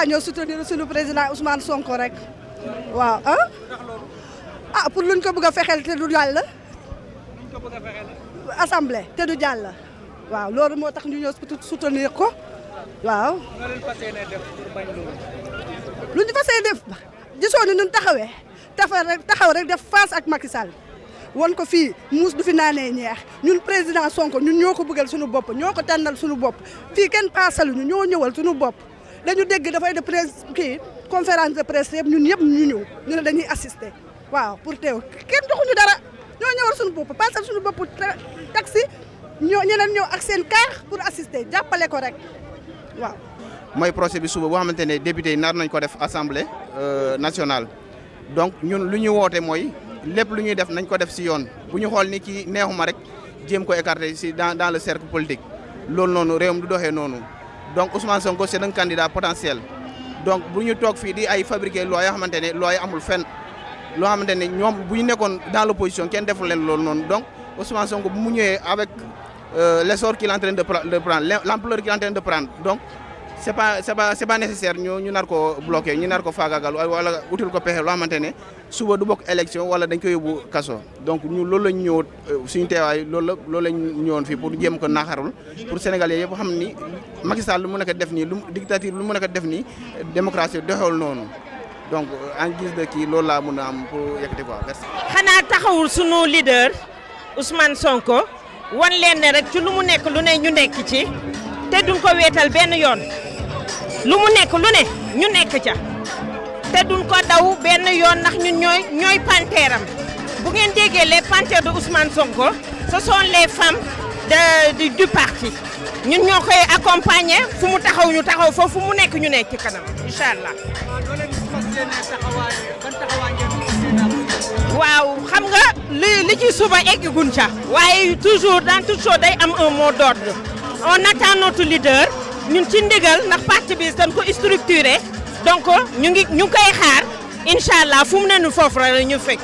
ah ñoo soutenir suñu président Ousmane Sonko rek waaw ah. ah pour luñ ko bëgg a fexeel te du jàll. luñ ko bëgg a te du jàll. waaw loolu moo tax ñu ñëw soutenir ko waaw. nga leen fas yéene lu ñu fas yéene def ba ñun taxawee taxaw rek taxaw rek def face ak makisal Sall won ko fii muus du fi naanee ñeex ñun président Sonko ñun ñoo ko bëggal suñu bopp ñoo ko tànnal suñu bopp fii kenn ñu ñoo ñëwal suñu bopp. dañu dégg dafay de presse kii conférence de presse yëpp ñun yëpp ñu ñëw ñu ne dañuy assister waaw pour teew kenn joxuñu dara ñoo ñëwal suñu bopp parce suñu bopp taxi ñoo ñeneen ñëw ak seen car pour assister jàppale ko rek waaw. mooy procès bi suba boo xamante ne député yi nar nañ ko def assemblée euh, nationale donc ñun lu ñu woote mooy lépp lu ñuy def nañ ko def si yoon bu ñu xool ni kii neexuma rek jéem ko écarter si dans dans le cercle politique loolu noonu réewam du doxee noonu. donc Ousmane Sonko c'est un candidat potentiel donc bu ñu toog fii di ay fabriquer loi yoo xamante ne loi amul fen loo xamante ne ñoom bu ñu nekkoon dans l'opposition kenn deful leen loolu noonu donc Ousmane Sonko bu mu ñëwee avec euh, l'essor qu'il est en train de prendre l'ampleur donc c'est pas c'est pas c'est pas ñu ñu nar ko ñu nar ko faagaagal wala util ko pexe loo xamante ne suba du bokk élection wala dañ ko yóbbu kaso donc ñu loolu lañ ñëw euh, suñu teewaay loolu la loolu lañ ñëwoon fii pour jéem ko naaxarul pour sénégalais yëpp xam ni Macky Sall lu mu nekk def nii lu dictature lu mu nekk def nii démocratie doxewul noonu donc euh, en guise de kii loolu laa mun a am ko yëkkati quoi merci. xanaa taxawul sunu leader Ousmane Sonko wan leen ne rek ci lu mu nekk lu ne ñu nekk ci te duñ ko weetal benn yoon. lu mu nekk lu ne ñu nekk ca te duñ ko daw benn yoon ndax ñun ñooy ñooy panteeram bu ngeen déggee les panthères de Ousmane Sonko ce sont les femmes de di du parti ñun ñoo koy accompagner fu mu taxaw ñu taxaw foofu mu nekk ñu nekk ci kanam incha allah. waaw xam nga li li ci suba eggagun ca. waaye toujours dans toute day am un mot d'ordre on attend ñun ci ndigal ndax parti bi dañ ko structuré donc ñu ngi ñu ngi koy xaar incha allah fu mu ne nu foofu rek ñu fekk.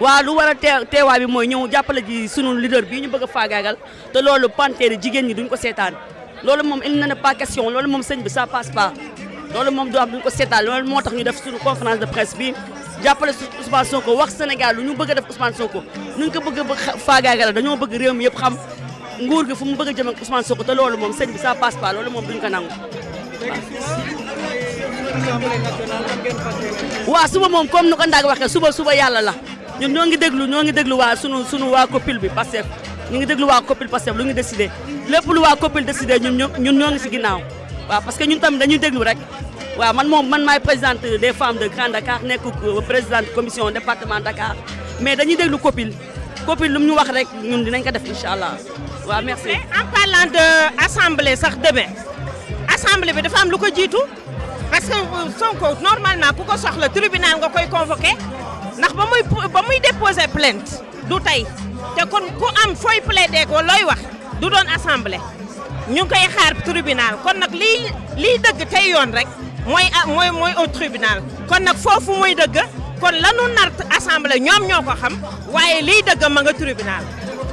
waaw lu war a tee teewaay bi mooy ñëw jàppale ji sunu leader bii ñu bëgg a faagaagal te loolu panteeri jigéen ñi duñ ko seetaan loolu moom il n'est pas question loolu moom sëñ bi ça passe pas loolu moom du am duñ ko seetaan loolu moo tax ñu def sunu conférence de presse bi jàppale Ousmane ko wax Sénégal lu ñu bëgg a def ko Sonko nuñ ko bëgg a faagaagal dañoo bëgg réew mi yëpp xam. nguur gi fu mu bëgg a jëm ak Ousmane te loolu moom sëñ bi ça passe pas loolu moom duñ ko nangu waaw suba moom comme nu ko ndaag waxee suba suba yàlla la ñun ñoo ngi déglu ñoo ngi déglu waa sunu sunu waa copil bi Pastef ñu ngi déglu waa copil Pastef lu ngi décidé lépp lu waa copil décidé ñun ñun ñoo ngi si ginnaaw waaw parce que ñun tamit dañuy déglu rek waaw man moom man maay présidente des femmes de Grand Dakar nekk présidente commission département Dakar mais dañuy déglu copil copine lu mu ñu wax rek ñun dinañ ko def incha allah waaw merci. en parlant de sax demain assemblée bi dafa am lu ko jiitu parce que euh, Sonko normalement ku ko soxla tribunal nga koy convoqué ndax ba muy ba muy déposé plainte du tey te kon ku am fooy plaider ko looy wax du doon assemblée ñu ngi koy xaar tribunal kon nag lii lii dëgg tey yoon rek mooy mooy mooy au tribunal kon nag foofu mooy dëgg. kon lanu nar assemblée ñoom ñoo ko xam waaye liy dëgg ma nga tribunal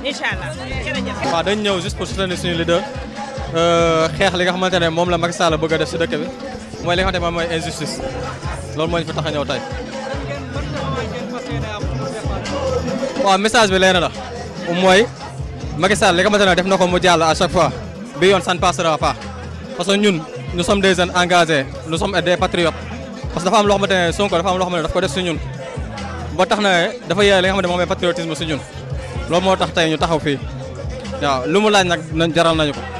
incha allah jërëjëf. waaw dañ ñëw juste pour soutenir suñu leader euh, xeex li nga xamante ne moom la Macky la bëgg a def si dëkk bi mooy li nga mooy injustice loolu moo ñu fi tax a ñëw tey. waaw message bi leer na mooy Macky Sall li nga def na ko mu jàll à chaque fois bi yoon ça ne passera pas parce que ñun nous sommes des jeunes engagés nous sommes des patriotes. parce que dafa am loo xamante ne Sonko dafa am loo xamante ne daf ko def si ba tax na dafa yee li nga xamante ne moom patriotisme si loolu moo tax tey ñu taxaw fii waaw lu mu laaj nag jaral nañu ko